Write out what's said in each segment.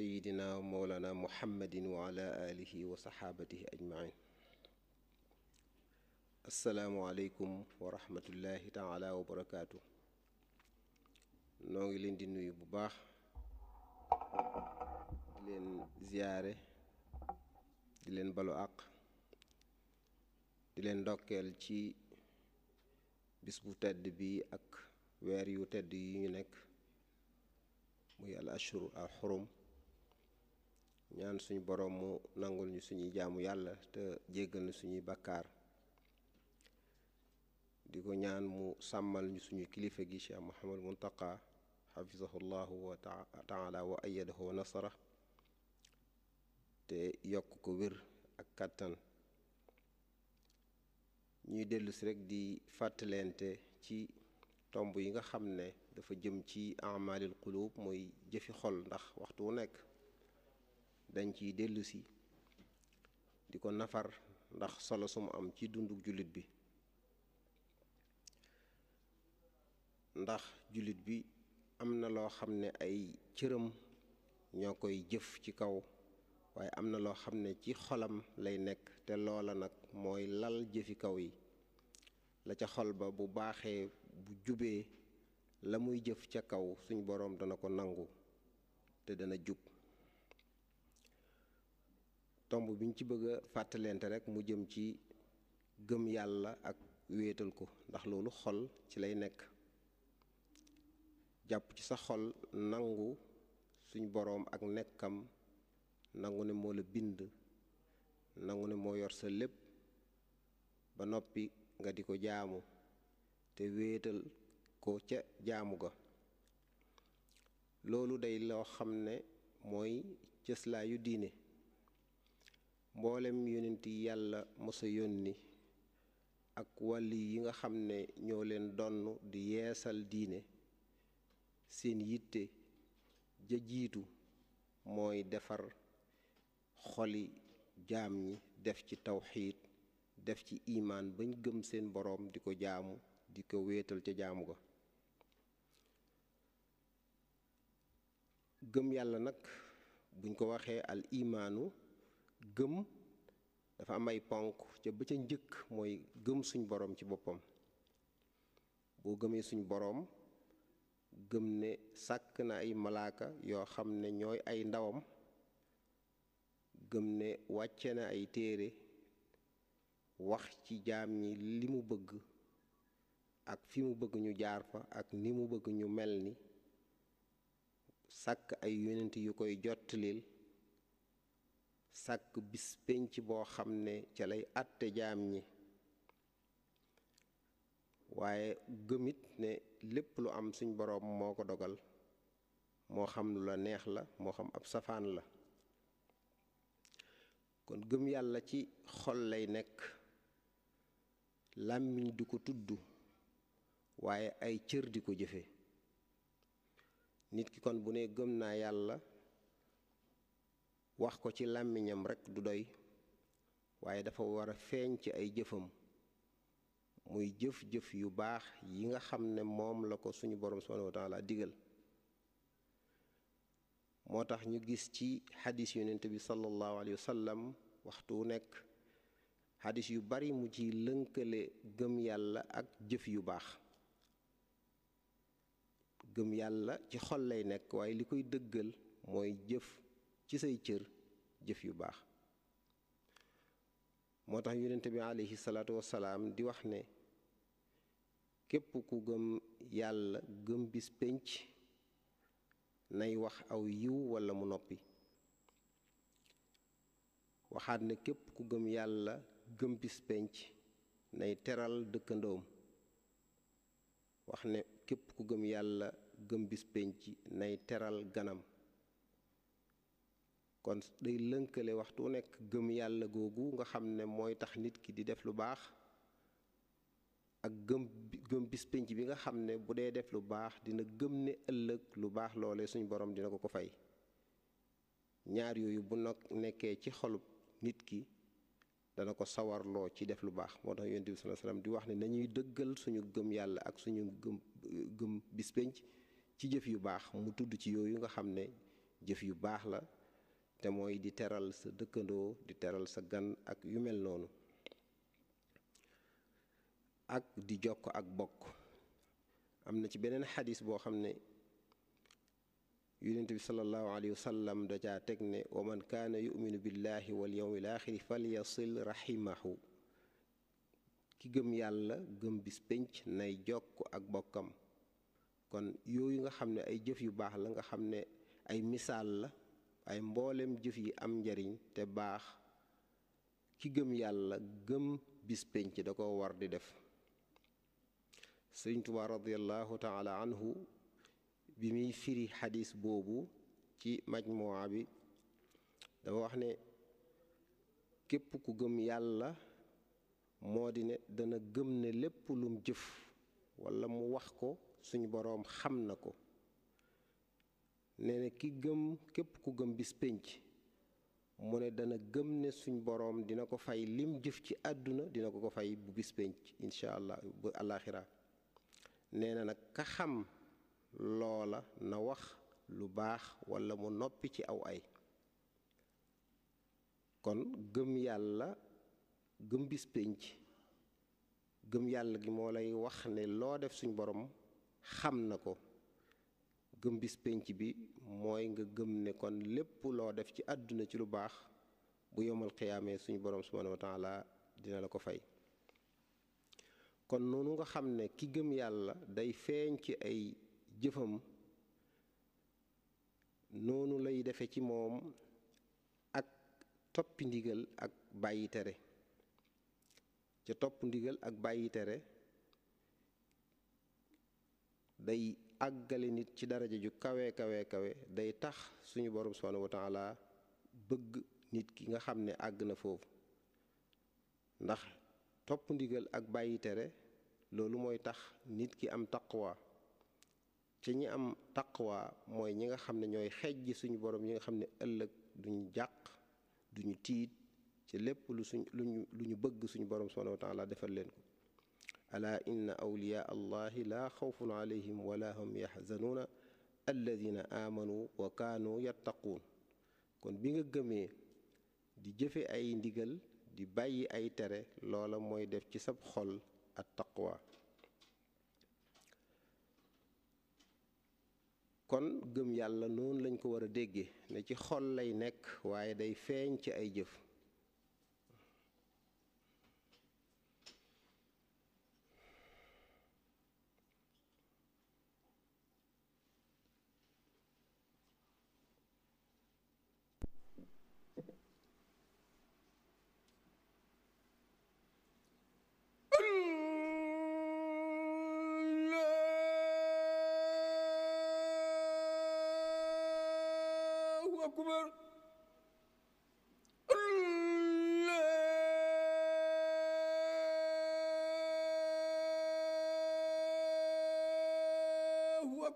sayidina wa mawlana muhammadin wa ala alihi wa saxaabatihi ajmain asalaamualeykum wa rahmatullahi taala wa barakaatu noo ngi leen di nuyu bu baax di leen ziyaare di leen balu àq di leen ndokkeel ci bis bu tedd bi ak weer yu tedd yi ñu nekk muy al ashhur al xurum ñaan suñu boroom mu nangul suñuy jaamu yàlla te jéggal na suñuy bakkaar di ko ñaan mu sàmmal ñu suñu kilifa gi Cheikh Mouhamadou Mountakha xafizahu llahu wa taala wa ayadahu wa nasara te yokk ko wér ak kàttan ñuy dellusi rekk di fàttalente ci tomb yi nga xam ne dafa jëm ci amalil qulub mooy jëfi xol ndax waxtu wu nekk dañ ciy dellusi di ko nafar ndax solo su am ci dundu jullit bi ndax jullit bi am na loo xam ne ay cëram ñoo koy jëf ci kaw waaye am na loo xam ne ci xolam lay nekk te loola nag mooy lal jëfi kaw yi la ca xol ba bu baaxee bu jubee la muy jëf ca kaw suñ boroom dana ko nangu te dana jub tomb bi ñu ci bëgg a fàttalente rek mu jëm ci gëm yàlla ak wéetal ko ndax loolu xol ci lay nekk jàpp ci sa xol nangu suñ boroom ak nekkam nangu ne moo la bind nangu ne moo yor sa lépp ba noppi nga di ko jaamu te wéetal ko ca jaamu ga loolu day loo xam ne mooy cëslaayu diine mboolem yonent yi yàlla mosa yónni ak wàlli yi nga xam ne ñoo leen donn di yeesal diine seen yitte ja jiitu mooy defar xoli jaam ñi def ci tawxiid def ci imaan bañ gëm seen boroom di ko jaamu di ko wéetal ca jaamu ga gëm yàlla nag buñ ko waxee al imaanu gëm dafa am ay ponk ca ba ca njëkk mooy gëm suñ boroom ci boppam boo gëmee suñu boroom gëm ne sàkk na ay malaaka yoo xam ne ñooy ay ndawam gëm ne wàcce na ay téere wax ci jaam ñi li mu bëgg ak fi mu bëgg ñu jaar fa ak ni mu bëgg ñu mel ni sàkk ay yonent yu koy jottalil sàkk bis penc boo xam ne ca lay àtte jaam ñi waaye gëmit ne lépp lu am suñ boroom moo ko dogal moo xam lu la neex la moo xam ab safaan la kon gëm yàlla ci xol lay nekk làmmiñ du ko tudd waaye ay cër di ko jëfe nit ki kon bu ne gëm naa yàlla wax ko ci làmmiñam rekk du doy waaye dafa war a feeñ ci ay jëfam muy jëf-jëf yu baax yi nga xam ne moom la ko suñu borom subhanahu wa taala digal moo tax ñu gis ci xadis yonent bi sallallahu alayhi wa sallam waxtu wu nekk xadis yu bari mu ci lënkale gëm yàlla ak jëf yu baax gëm yàlla ci xol lay nekk waaye li koy dëggal mooy jëf ci say cër jëf yu baax moo tax yonent bi aleyhi salaatu wasalaam di wax ne képp ku gëm yàlla gëm bis nay wax aw yiw walla mu noppi waxaat ne képp ku gëm yàlla gëm bis nay teral dëkkandoom wax ne képp ku gëm yàlla gëm bis pénc nay teral ganam kon day lënkale waxtu nekk gëm yàlla googu nga xam ne mooy tax nit ki di def lu baax ak gëm gëm bis pénc bi nga xam ne bu dee def lu baax dina gëm ne ëllëg lu baax loole suñu borom dina ko ko fay ñaar yooyu bu nag nekkee ci xolub nit ki dana ko sawarloo ci def lu baax moo tax yonent bi sallallahu di wax ne nañuy dëggal suñu gëm yàlla ak suñu gëm gëm bis ci jëf yu baax mu tudd ci yooyu nga xam ne jëf yu baax la te mooy di teral sa dëkkandoo di teral sa gan ak yu mel noonu ak di jokk ak bokk am na ci beneen xadis boo xam ne yonent bi salallahu alayhi wa sallam da caa teg ne wa man kaana yuminu billahi wal yawmil axiri falyasil rahimahu ki gëm yàlla gëm bis pénc nay jokk ak bokkam kon yooyu nga xam ne ay jëf yu baax la nga xam ne ay misaal la ay mboolem jëf yi am njariñ te baax ki gëm yàlla gëm bis da ko war di def sëriñ Tuubaa radiallahu taala anhu bi muy firi xadiis boobu ci majmuwa bi dafa wax ne képp ku gëm yàlla moo di ne dana gëm ne lépp lum jëf walla mu wax ko suñu boroom xam na ko nee na ki gëm képp ku gëm bis pénc mu ne dana gëm ne suñ boroom dina ko fay lim jëf ci àdduna dina ko ko fay bu bis pénc incha allah bu àllaaxira nee na nag ka xam loola na wax lu baax walla mu noppi ci aw ay kon gëm yàlla gëm bis pénc gëm yàlla gi moo lay wax ne loo def suñ boroom xam na ko gëm bis bi mooy nga gëm ne kon lépp loo def ci àdduna ci lu baax bu yomal xiyaamee suñu borom subhanahu wa dina la ko fay kon noonu nga xam ne ki gëm yàlla day feeñ ci ay jëfam noonu lay defe ci moom ak toppi ndigal ak bàyyi tere ca topp ndigal ak bàyyi tere day àggale nit ci daraja ju kawe kawe kawe day tax suñu borom subhanahu wa bëgg nit ki nga xam ne àgg na foofu ndax topp ndigal ak bàyyi tere loolu mooy tax nit ki am taqwa ci ñi am taqwa mooy ñi nga xam ne ñooy xej ji suñu borom yi nga xam ne ëllëg duñu jàq duñu tiit ci lépp lu suñ lu ñu lu ñu bëgg suñu borom subhanahu wa defal leen ko ala inna awliyaa allahi laa xawfun alayhim wala hum yaxzanuuna alladina aamanu wa kaanu yattaquun kon bi nga gëmee di jëfe ay ndigal di bàyyi ay tere loola mooy def ci sab xol at taqwa kon gëm yàlla noonu lañ ko war a déggee ne ci xol lay nekk waaye day feeñ ci ay jëf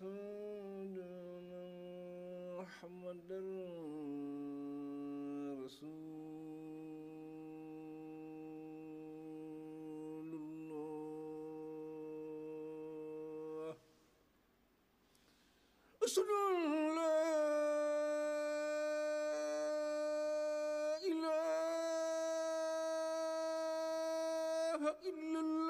رسولنا محمد رسول الله أشهد أن لا إله إلا الله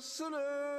sooner.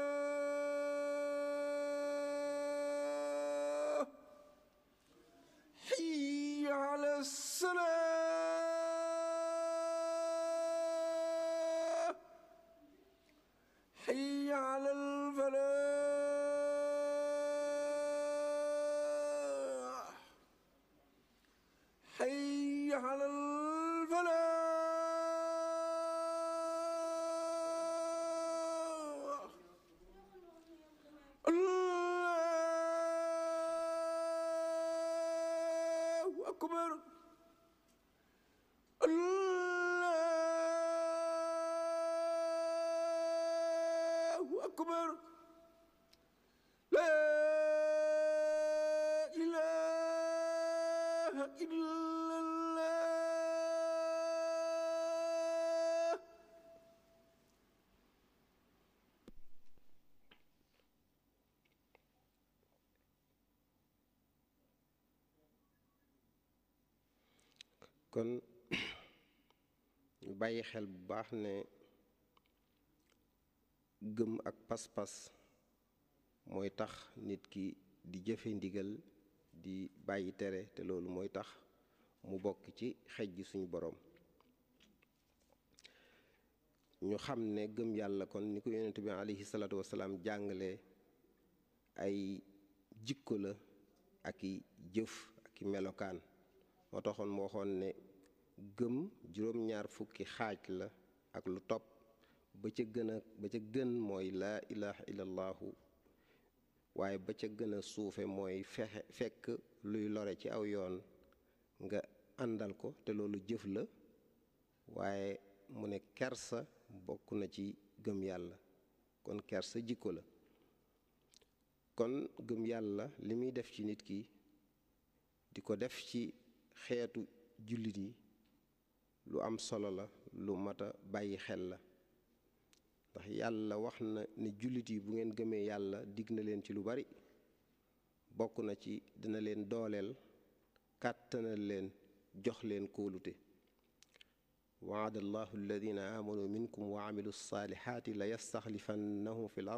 أكبر الله أكبر kon ñu bàyyi xel bu baax ne gëm ak pas-pas mooy tax nit ki di jëfe ndigal di bàyyi tere te loolu mooy tax mu bokk ci xej gi suñu boroom ñu xam ne gëm yàlla kon ni ko yonent bi alayhi salaatu wasalaam jàngale ay jikko la ak jëf aki melokaan moo taxoon mu waxoon ne gëm juróom-ñaar fukki xaaj la ak lu topp ba ca gën ba ca gën mooy laa ilaha illallahu waaye ba ca gën suufe mooy fexe fekk luy lore ci aw yoon nga àndal ko te loolu jëf la waaye mu ne kersa bokk na ci gëm yàlla kon kersa jikko la kon gëm yàlla li muy def ci nit ki di ko def ci xeetu jullit yi lu am solo la lu mat a bàyyi xel la ndax yàlla wax na ne jullit yi bu ngeen gëmee yàlla digg na leen ci lu bari bokk na ci dina leen dooleel kàttanal leen jox leen kóolute waada allahu alladina amanu minkum wa amilu lsaalihati la yastaxlifannahum fi l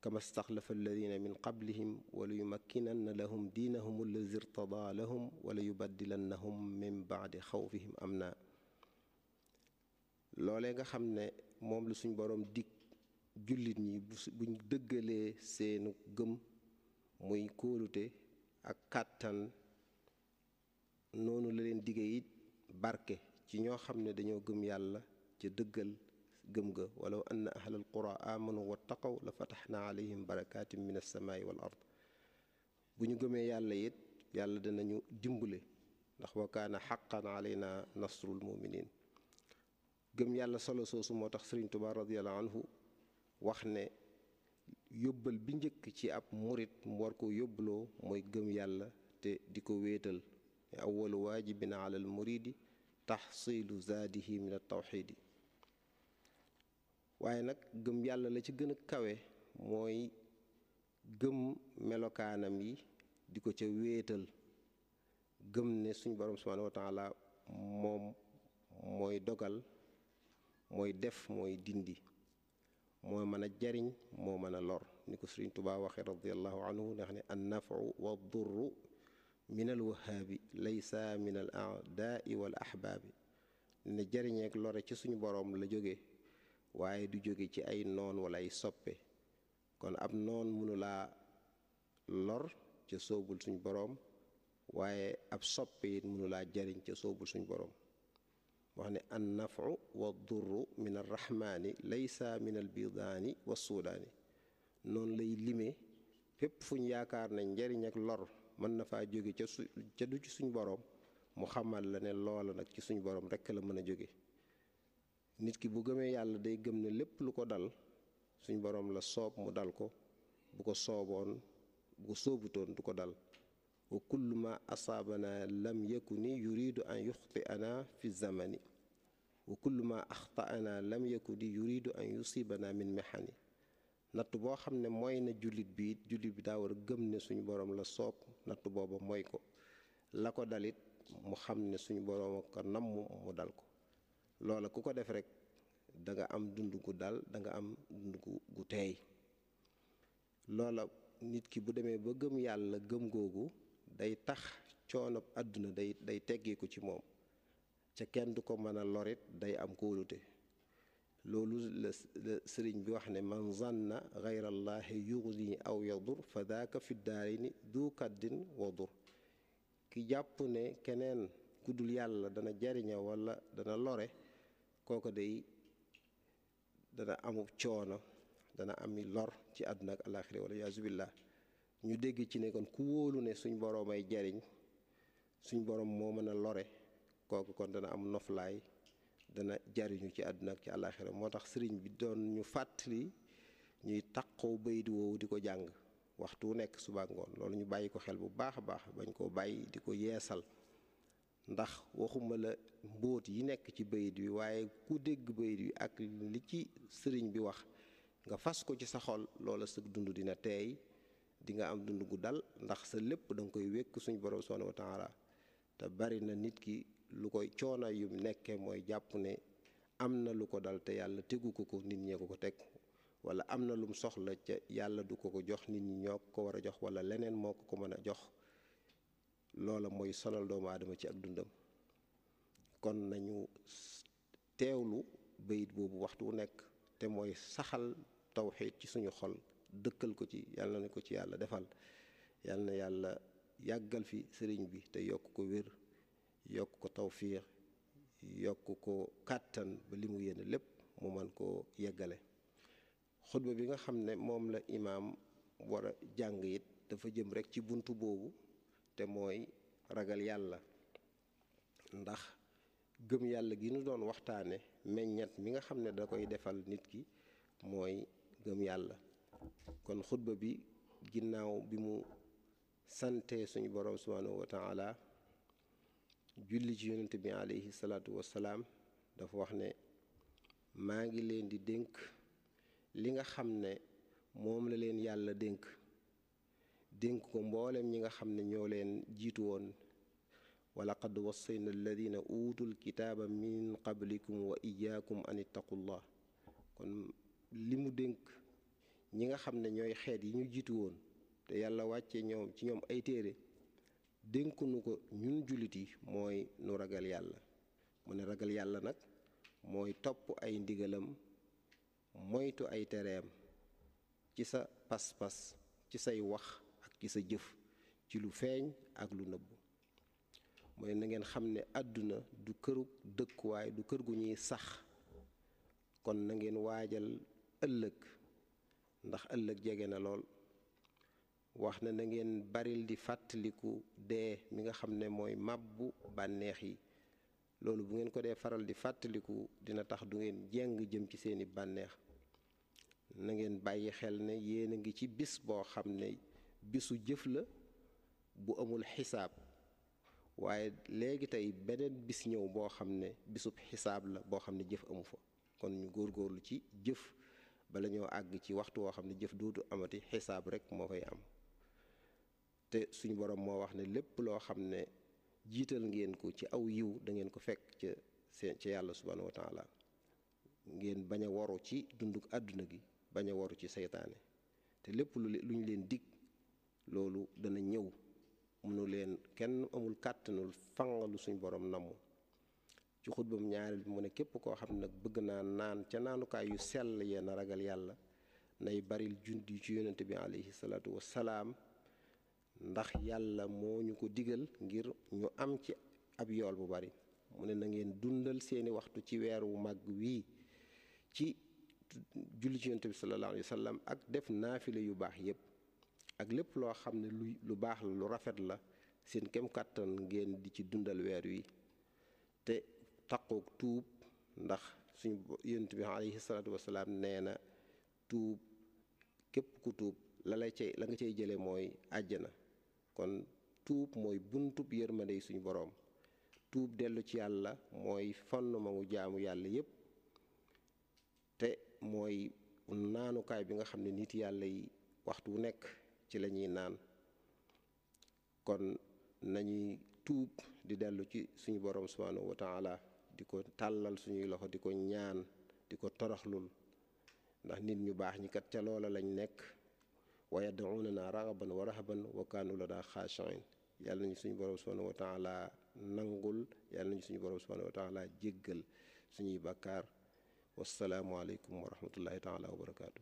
kama staxlafa alladina min qablihim wala yumakkinanna lahum diinahum allazi irtadaa lahum wala yubaddilannahum min baadi xawfihim am na loole nga xam ne moom la suñ boroom dig jullit ñi buñ dëggalee seenu gëm muy kóolute ak kàttan noonu la leen diggee it barke ci ñoo xam ne dañoo gëm yàlla ca dëggal gëm ga walaw anna ahlal qura amanu wa taqaw la fataxna alayhim barakatin min alsamaai wal ard bu ñu gëmee yàlla it yàlla danañu dimbale ndax wa kaana xaqan alayna nasrul muminin gëm yàlla solo soosu moo tax sëriñ Tuubaa radiallahu anhu wax ne yóbbal bi njëkk ci ab murit mu war ko yóbbuloo mooy gëm yàlla te di ko wéetal awwalu waajibin ala al muridi taxsilu zaadihi min al tawxidi waaye nag gëm yàlla la ci gën a kawe mooy gëm melokaanam yi di ko ca wéetal gëm ne suñ borom subhanahu wa moom mooy dogal mooy def mooy dindi moo mën a jariñ moo mën a lor ni ko sëriñ tubaa waxe radiallahu anhu ndax ne an nafau wa durru min al wahaabi laysa min al aadaai wal ahbaabi ne jariñeek lore ci suñu borom la jóge waaye du jóge ci ay noon wala ay soppe kon ab noon mënulaa lor ca soobul suñ boroom waaye ab soppe it mënulaa jariñ ca soobul suñ boroom wax ne an nafu wa durru min arrahmaani laysa min albidaani wa suudaani noonu lay limee fépp fuñ yaakaar ne njariñ ak mën na faa jóge ca su ci suñ boroom mu xamal la ne loola nag ci suñu boroom rekk la mën a jóge nit ki bu gëmee yàlla day gëm ne lépp lu ko dal suñ boroom la soob mu dal ko bu ko sooboon bu ko soobutoon du ko dal wa kullu ma asaabana lam yakuni yuridu an yuxti ana fi zamani wa kullu ma axtaana lam yakuni yuridu an yusibana min mexani natt boo xam ne moy na jullit bi jullit bi daa war gëm ne suñ boroom la soob nattu booba mooy ko la ko dalit mu xam ne suñ boroom ko namm mu dal ko loola ku ko def rek danga am dund gu dal danga am dund gu teey loola nit ki bu demee ba gëm yàlla gëm googu day tax coonob àdduna day day ko ci moom ca kenn du ko mën a lorit day am kóolute loolu la sëriñ bi wax ne man zanna gayrallahi yugni aw yadur fa daaka fi daarini du kaddin wadur ki jàpp ne keneen ku dul yàlla dana jariña walla dana lore kooku day dana amu coono dana ami lor ci àdduna ak alaxira wala yaasu billah ñu dégg ci ne kon ku wóolu ne suñ boroom ay jariñ suñ boroom moo mën a lore kooku kon dana am noflaay dana jariñu ci àdduna ak ci alaxira moo tax sëriñ bi doon ñu fàttali ñuy taqoo bayit woowu di ko jàng waxtu wu nekk suba ngoon loolu ñu bàyyi ko xel bu baax a baax bañ koo bàyyi di ko yeesal ndax waxuma la mbóot yi nekk ci bayit wi waaye ku dégg bayit wi ak li ci sëriñ bi wax nga fas ko ci sa xol loola sëg dund dina teey di nga am dund gu dal ndax sa lépp da nga koy wékk suñu borom subhanahu wa taala te bari na nit ki lu koy coona yu nekkee mooy jàpp ne am na lu ko dal te yàlla tegu ko ko nit ñee ko ko teg wala am na lum soxla ca yàlla du ko ko jox nit ñi ñoo ko war a jox wala leneen moo ko ko mën a jox loola mooy sonal doomu aadama ci ak dundam kon nañu teewlu bayit boobu waxtu wu nekk te mooy saxal tawxiid ci suñu xol dëkkal ko ci yàlla na ko ci yàlla defal yàlla na yàlla yàggal fi sëriñ bi te yokk ko wér yokk ko tawfiix yokk ko kàttan ba limu mu lépp mu man koo yeggale xutba bi nga xam ne moom la imaam war a jàng it dafa jëm rek ci buntu boobu te mooy ragal yàlla ndax gëm yàlla gi ñu doon waxtaane meññet mi nga xam ne da koy defal nit ki mooy gëm yàlla kon xutba bi ginnaaw bi mu sante suñu borom subhanahu wa taala julli ci yonent bi alayhi salaatu wassalaam dafa wax ne maa ngi leen di dénk li nga xam ne moom la leen yàlla dénk dénk ko mbooleem ñi nga xam ne ñoo leen jiitu woon walaqad wassayna alladina uutul kitaaba min qablikum wa iyaakum an ittaqullah kon li mu dénk ñi nga xam ne ñooy xeet yi ñu jiitu woon te yàlla wàcce ñoom ci ñoom ay téere dénkunu ko ñun jullit yi mooy nu ragal yàlla mu ne ragal yàlla nag mooy topp ay ndigalam moytu ay tereem ci sa pas-pas ci say wax gisa jëf ci lu feeñ ak lu nëbbu mooy na ngeen xam ne àdduna du këru dëkkuwaay du kër gu ñuy sax kon na ngeen waajal ëllëg ndax ëllëg jege na lool wax na na ngeen baril di fàttaliku dee mi nga xam ne mooy màbbu bànneex yi loolu bu ngeen ko dee faral di fàttaliku dina tax du ngeen jeng jëm ci seeni bànneex na ngeen bàyyi xel ne yéen a ngi ci bis boo xam ne bisu jëf la bu amul xisaab waaye léegi tey beneen bis ñëw boo xam ne bisub xisaab la boo xam ne jëf amu fa kon ñu góor góorgóorlu ci jëf bala ñoo àgg ci waxtu woo xam ne jëf dootu amati xisaab rek moo fay am te suñu boroom moo wax ne lépp loo xam ne jiital ngeen ko ci aw yiw da ngeen ko fekk ca seen ca yàlla subhaanahu wa taala ngeen bañ a waru ci dunduk àdduna gi bañ a waru ci seytaane te lépp lu lu ñu leen dig loolu dana ñëw mënu leen kenn amul kàttanul fangalu suñ borom namu ci xutbam ñaareel bi mu ne képp koo xam ne nag bëgg naa naan ca naanukaay yu sell yenn ragal yàlla nay baril junt yu ci yonente bi alayhi salaatu wasalaam ndax yàlla moo ñu ko digal ngir ñu am ci ab yool bu bari mu ne na ngeen dundal seeni waxtu ci weer wu mag wii ci julli ci yonente bi sallallahu sallam ak def naafile yu baax yépp ak lépp loo xam ne lu lu baax la lu rafet la seen kem kàttan ngeen di ci dundal weer wi te taqoog tuub ndax suñu yonent bi alayhi salaatu nee na tuub képp ku tuub la la nga cay jële mooy àjjana kon tuub mooy buntu yërmande yi suñu boroom tuub dellu ci yàlla mooy fonn mangu jaamu yàlla yépp te mooy naanukaay bi nga xam ne nit yàlla yi waxtu wu nekk ci la ñuy naan kon nañuy tuub di dellu ci suñu borom subhanahu wa taala di ko tàllal suñuy loxo di ko ñaan di ko toroxlul ndax nit ñu baax ñi kat ca loola lañ nekk wa yad'unana raghaban wa rahaban wa kaanu lana xaashiin yàlla nañu suñu borom subhanahu wa taala nangul yàlla ñu suñu borom subhanahu wa taala jéggal suñuy bakkaar wasalaamualeykum wa rahmatullahi taala wa barakaatu.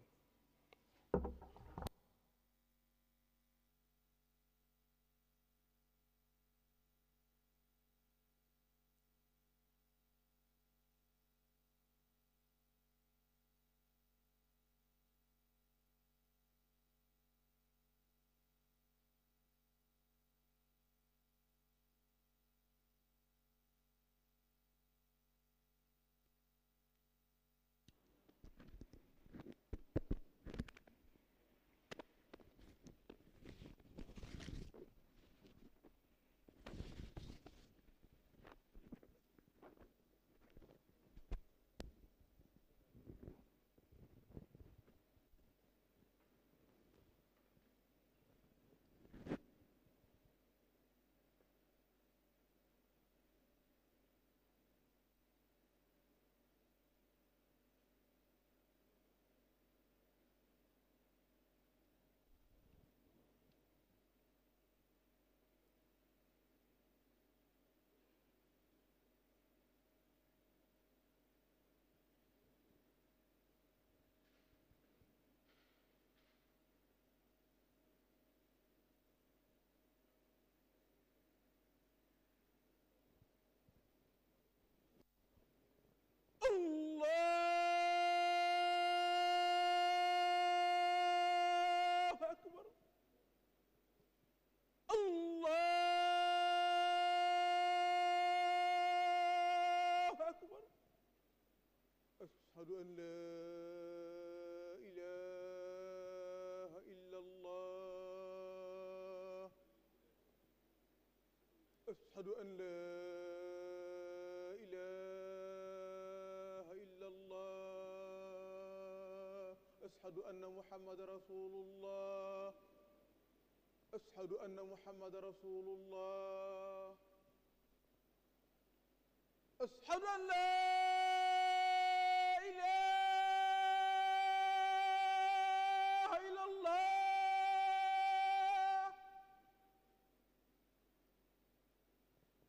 ashhadu an laa ilaaha illallah ashhadu anna muhammada rasulullah ashhadu anna muhammada rasulullah ashhadu an laa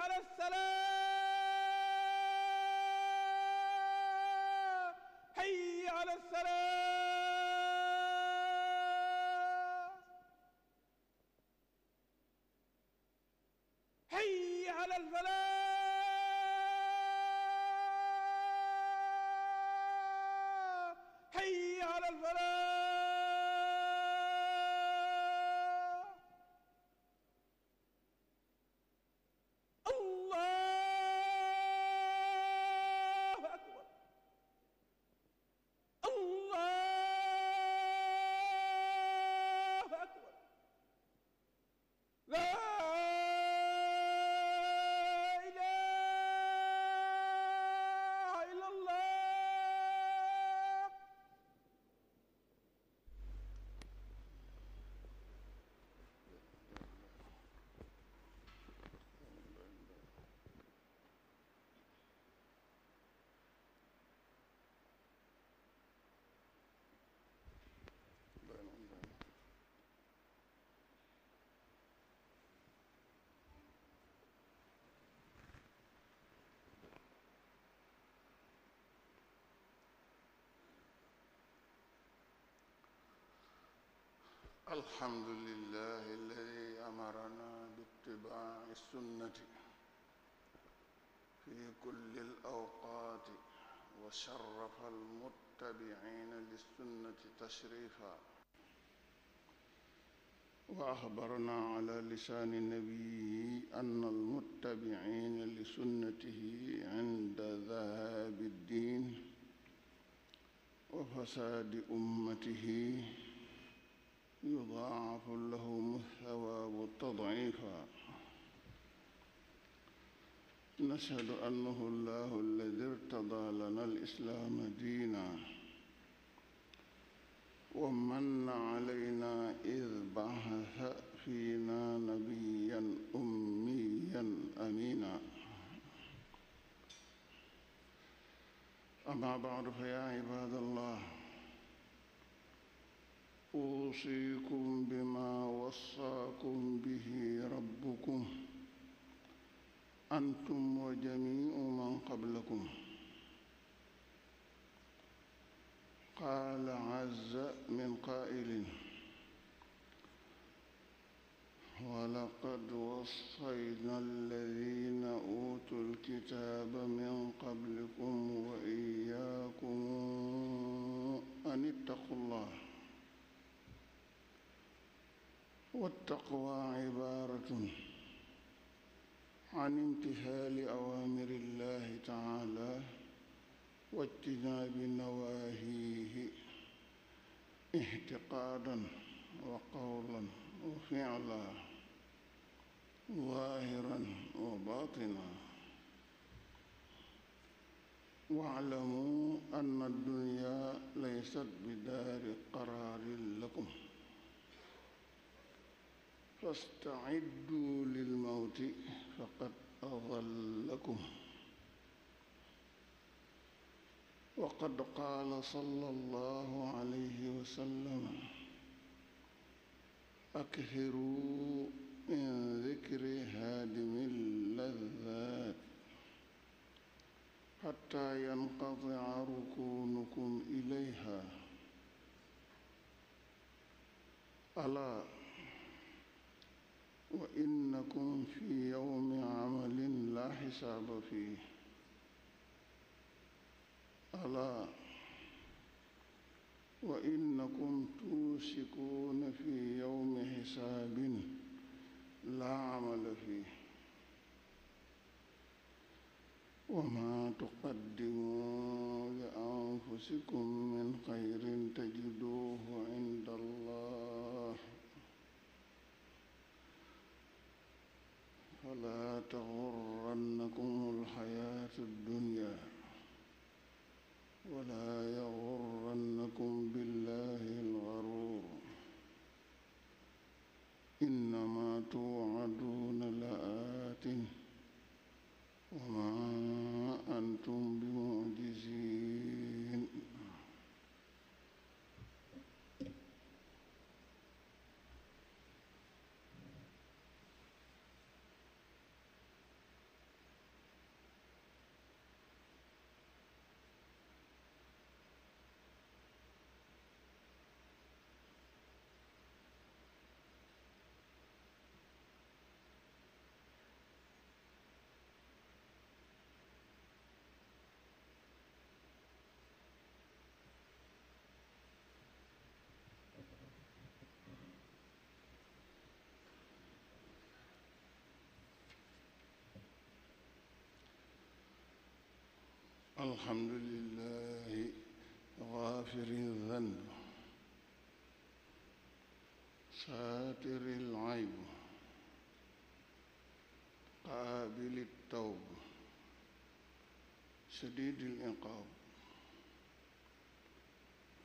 على السلام حي على السلام حي على الفلاح حي على الفلاح الحمد لله الذي أمرنا باتباع السنة في كل الأوقات وشرف المتبعين للسنة تشريفا وأخبرنا على لسان نبيه أن المتبعين لسنته عند ذهاب الدين وفساد أمته يضاعف له الثواب تضعيفا نشهد أنه الله الذي ارتضى لنا الإسلام دينا ومن علينا إذ بعث فينا نبيا أميا أمينا أما بعد فيا عباد الله أوصيكم بما وصاكم به ربكم أنتم وجميع من قبلكم قال عز من قائل ولقد وصينا الذين أوتوا الكتاب من قبلكم وإياكم أن اتقوا الله والتقوى عبارة عن امتثال أوامر الله تعالى واجتناب نواهيه اعتقادا وقولا وفعلا ظاهرا وباطنا واعلموا أن الدنيا ليست بدار قرار لكم fastaidu lil mawti faqad adallakum waqad qaala sallallahu alayhi wa sallam akthiru min dikri haadimi llazzaat xataa yanqatia rukunukum ilayha alaa wa innakum fi yawmi amalin la xisaaba fii alaa wa innakum tuusikuuna fi yawmi xisaabin la amala fii wa maa tuqaddimuu li anfusikum min xayrin tajiduuhu inda allah فلا تغرنكم الحياة الدنيا ولا يغرنكم بالله alhamdulillahi gaafiri zanb saatiri layb qaabili tawb shadiidi liqaab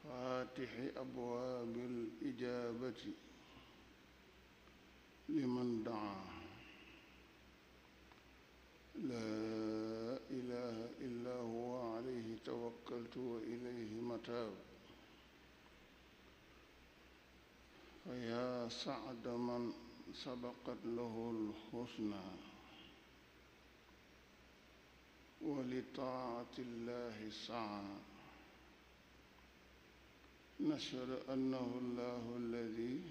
faatixi abwaabi lijaabati liman daa laa ilaaha وإليه متاب فيا سعد من سبقت له الحسنى ولطاعة الله سعى نشهد أنه الله الذي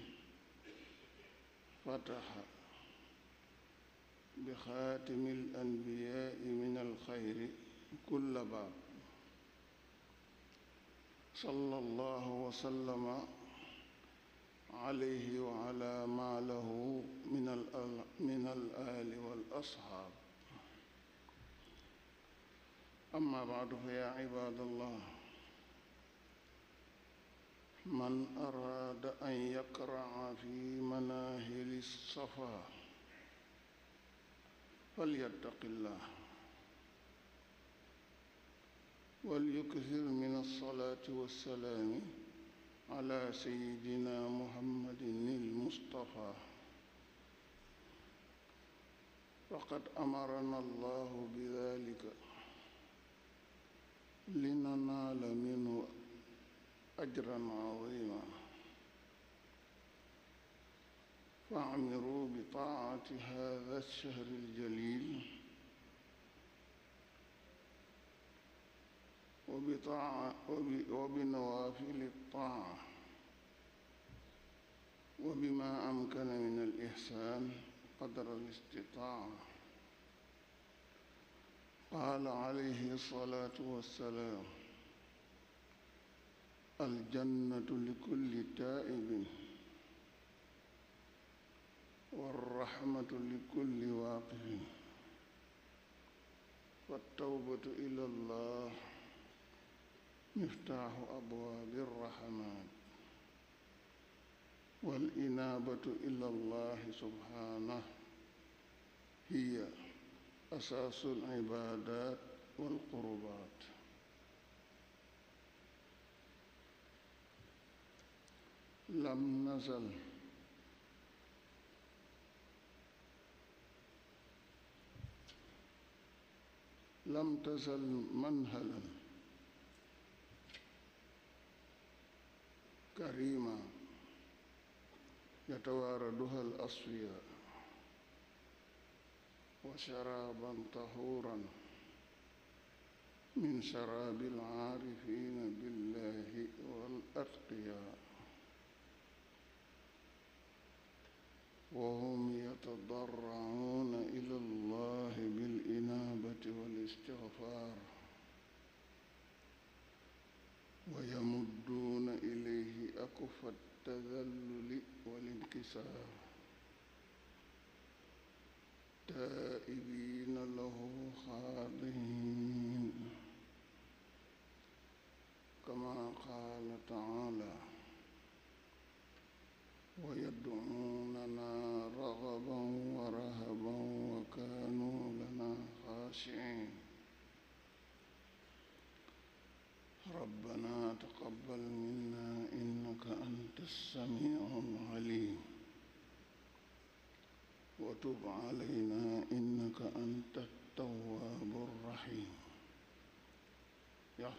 فتح بخاتم الأنبياء من الخير كل باب صلى الله وسلم عليه وعلى ما له من من الآل والأصحاب أما بعد فيا عباد الله من أراد أن يقرع في مناهل الصفا فليتق الله وليكثر من الصلاة والسلام على سيدنا محمد المصطفى فقد أمرنا الله بذلك لننال منه أجرا عظيما فاعمروا بطاعة هذا الشهر الجليل وبطاعة وبنوافل الطاعة وبما أمكن من الإحسان قدر الاستطاعة قال عليه الصلاة والسلام الجنة لكل تائب والرحمة لكل واقف والتوبة إلى الله miftaaxu abwaabi rraxmaan wal inaabatu ila llahi subhaanah hiya asaasu libaadaat walqurubaat lam nazal lam tazal manhalan كريما يتواردها الأصفياء وشرابا طهورا من شراب العارفين بالله والأتقياء وهم يتضرعون إلى الله بالإنابة والاستغفار ويمدون إليه أكف التذلل والانكسار تائبين له خاضعين كما قال تعالى ويدعوننا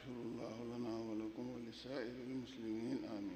yaghfirullahu lana wa lakum wa li saa'iril muslimiin amiin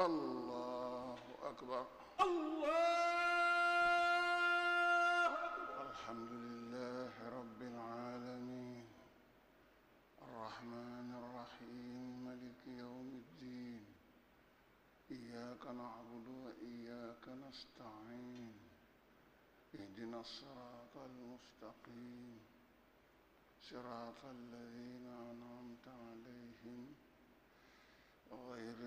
allahu akbar allahu akbar alhamdulillah rabbil alamin arrahman arrahim maliki yawmi ddin iyyaka na'budu wa iyyaka nasta'in ihdina sirata almustaqim sirata alladhina an'amta alayhim غير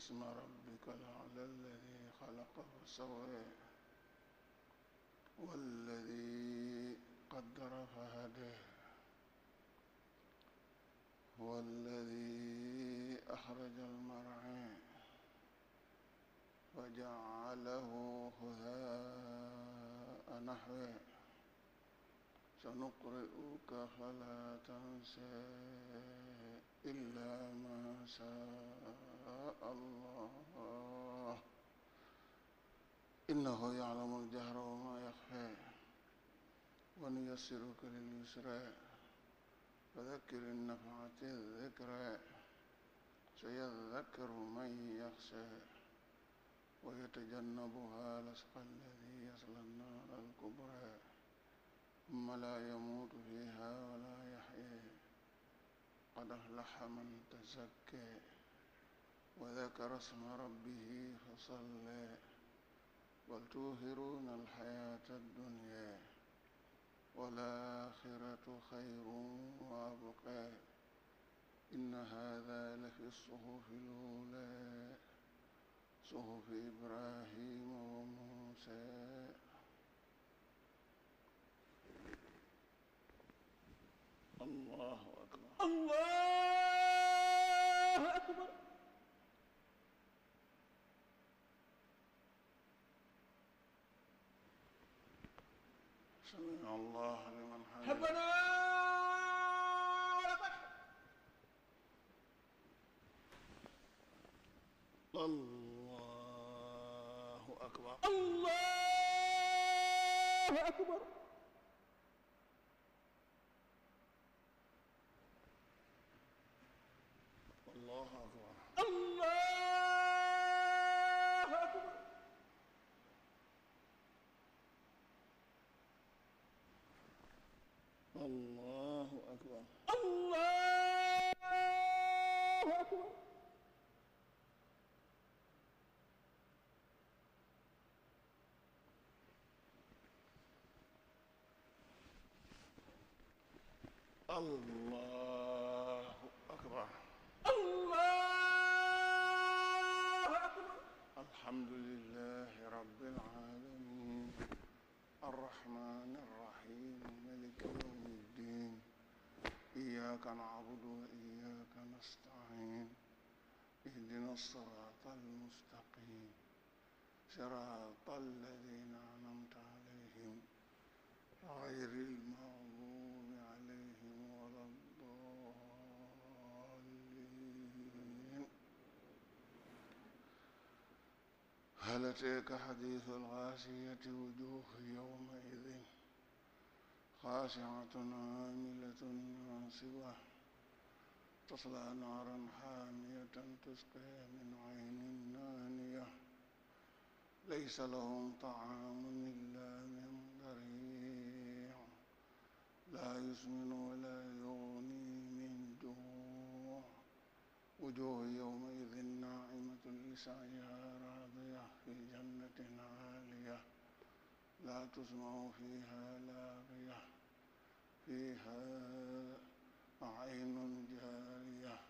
اسم ربك الأعلى الذي خلق فسوى والذي قدر فهدى والذي أخرج المرعى فجعله غثاء نحوه سنقرئك فلا تنسى إلا ما شاء الله إنه يعلم الجهر وما يخفى ونيسرك لليسرى فذكر إن نفعت الذكرى سيذكر من يخشى ويتجنبها الأشقى الذي يصلى النار الكبرى ثم لا يموت فيها ولا يحيى قد أفلح من تزكى وذكر اسم ربه فصلى بل توهرون الحياة الدنيا والآخرة خير وأبقى إن هذا لفي الصحف الأولى صحف إبراهيم وموسى الله allahu akbar sami allah liman rabbana walakal allahu akbar allahu akbar allahu akbar allahu akbar alhamdulillahi rabbil alamin arrahmani arrahim maliki yawmi ddin iyyaka na'budu wa iyyaka nasta'in ihdina as-sirata al-mustaqim sirata alladhina an'amta alayhim ghayril maghdubi هل أتيك حديث الغاشية وجوه يومئذ خاشعة عاملة ناصبة تصلى نارا حامية تسقي من عين آنية ليس لهم طعام إلا من ضريع لا يسمن ولا يغني من جوع وجوه يومئذ ناعمة لسعيها في جنة عالية لا تسمع فيها لاغية فيها عين جارية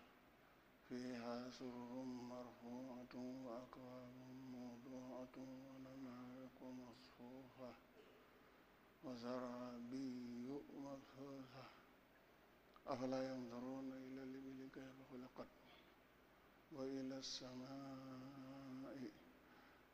فيها سرر مرفوعة وأكواب موضوعة ونمارق مصفوفة وزرابي مبثوثة أفلا ينظرون إلى الإبل كيف خلقت وإلى السماء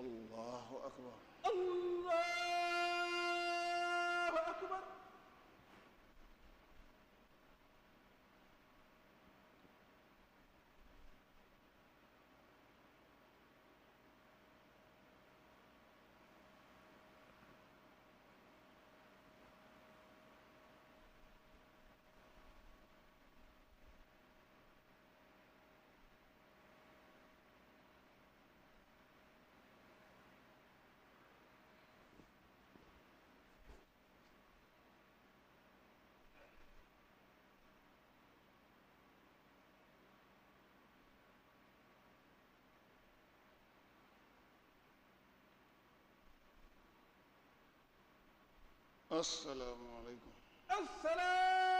allahu akbar asalaamaaleykum. asalaam.